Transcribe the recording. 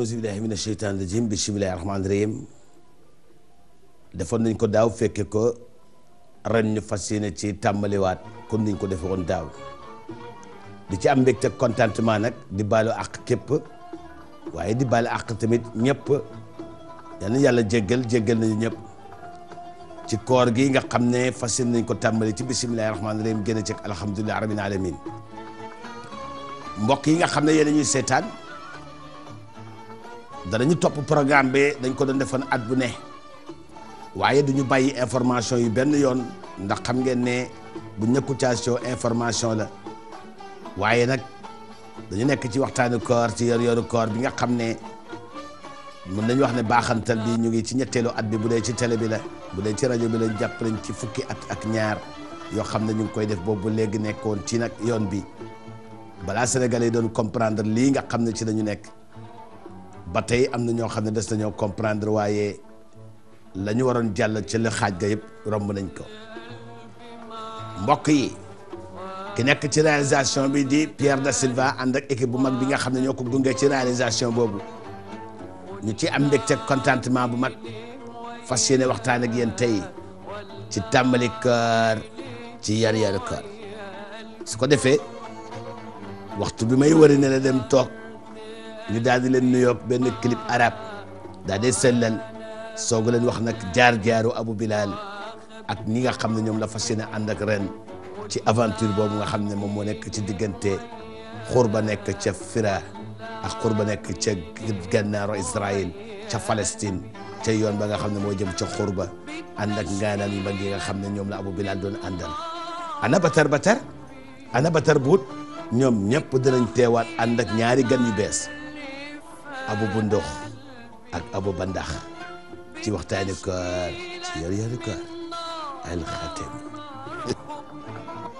auzu billahi mina sheytaani rajim bismillahi rahmaani rahim defoon nañ ko daaw fekke ko ren ñu fas yéene ci tàmbaliwaat comme niñ ko defe woon daaw di ci am mbégte contentement nag di baalu àq képp waaye di baalu àq tamit ñëpp yal na yàlla jéggal jéggal nañu ñëpp ci koor gi nga xam ne fas yéene nañ ko tàmbali ci bismillahi rahmaani rahim génn ci alhamdulillahi rabbil alamin mbokk yi nga xam ne yéen ñuy seetaan danañu topp programme bi dañ ko doon defoon at bu ne waaye duñu bay information yu benn yoon ndax xam ngeen ne bu ñëkku information la waaye nag dañu nekk ci waxtaanu koor ci yor yoru koor bi nga xam ne mën nañu wax ne baaxantal bi ñu ngi ci ñetteelu at bi bu dee ci télé bi la bu dee ci rajo bi lañ jàpp nañ ci fukki at ak ñaar yoo xam ne ñu ngi koy def boobu léegi nekkoon ci nag yoon bi balaa Sénégalais yi doon comprendre lii nga xam ne ci lañu nekk ba tey am na ñoo xam ne des nañoo comprendre waaye lañu ñu waroon jàll ci la xaaj ga yëpp romb nañ ko mbokk yi ki nekk ci réalisation bi di Pierre da Silva ànd ak équipe bu mag bi nga xam ne ñoo ko gunge ci réalisation boobu ñu ci am mbégte contentement bu mag fas yéene waxtaan ak yéen tey ci tàmbali kër ci yar kër ko defee waxtu bi may wari ne la dem toog ñu daal di leen nuyoog benn clip arab daal di sellal soog leen wax nag jaar-jaaru Abu Bilal ak ñi nga xam ne ñoom la fas yéene ànd ak ren ci aventure boobu nga xam ne moom moo nekk ci diggante xur ba nekk ca Fira ak xur ba nekk ca gànnaaru Israël ca Palestine ca yoon ba nga xam ne moo jëm ca xur ba ànd ak ngaanaan yu mag yi xam ne ñoom la Abu Bilal doon àndal ana batar batar ana batar buut ñoom ñëpp dinañ teewaat ànd ak ñaari gan yu bees. abu bundux ak abu bandax ci waxtaani koor ci yor yori koor alxatem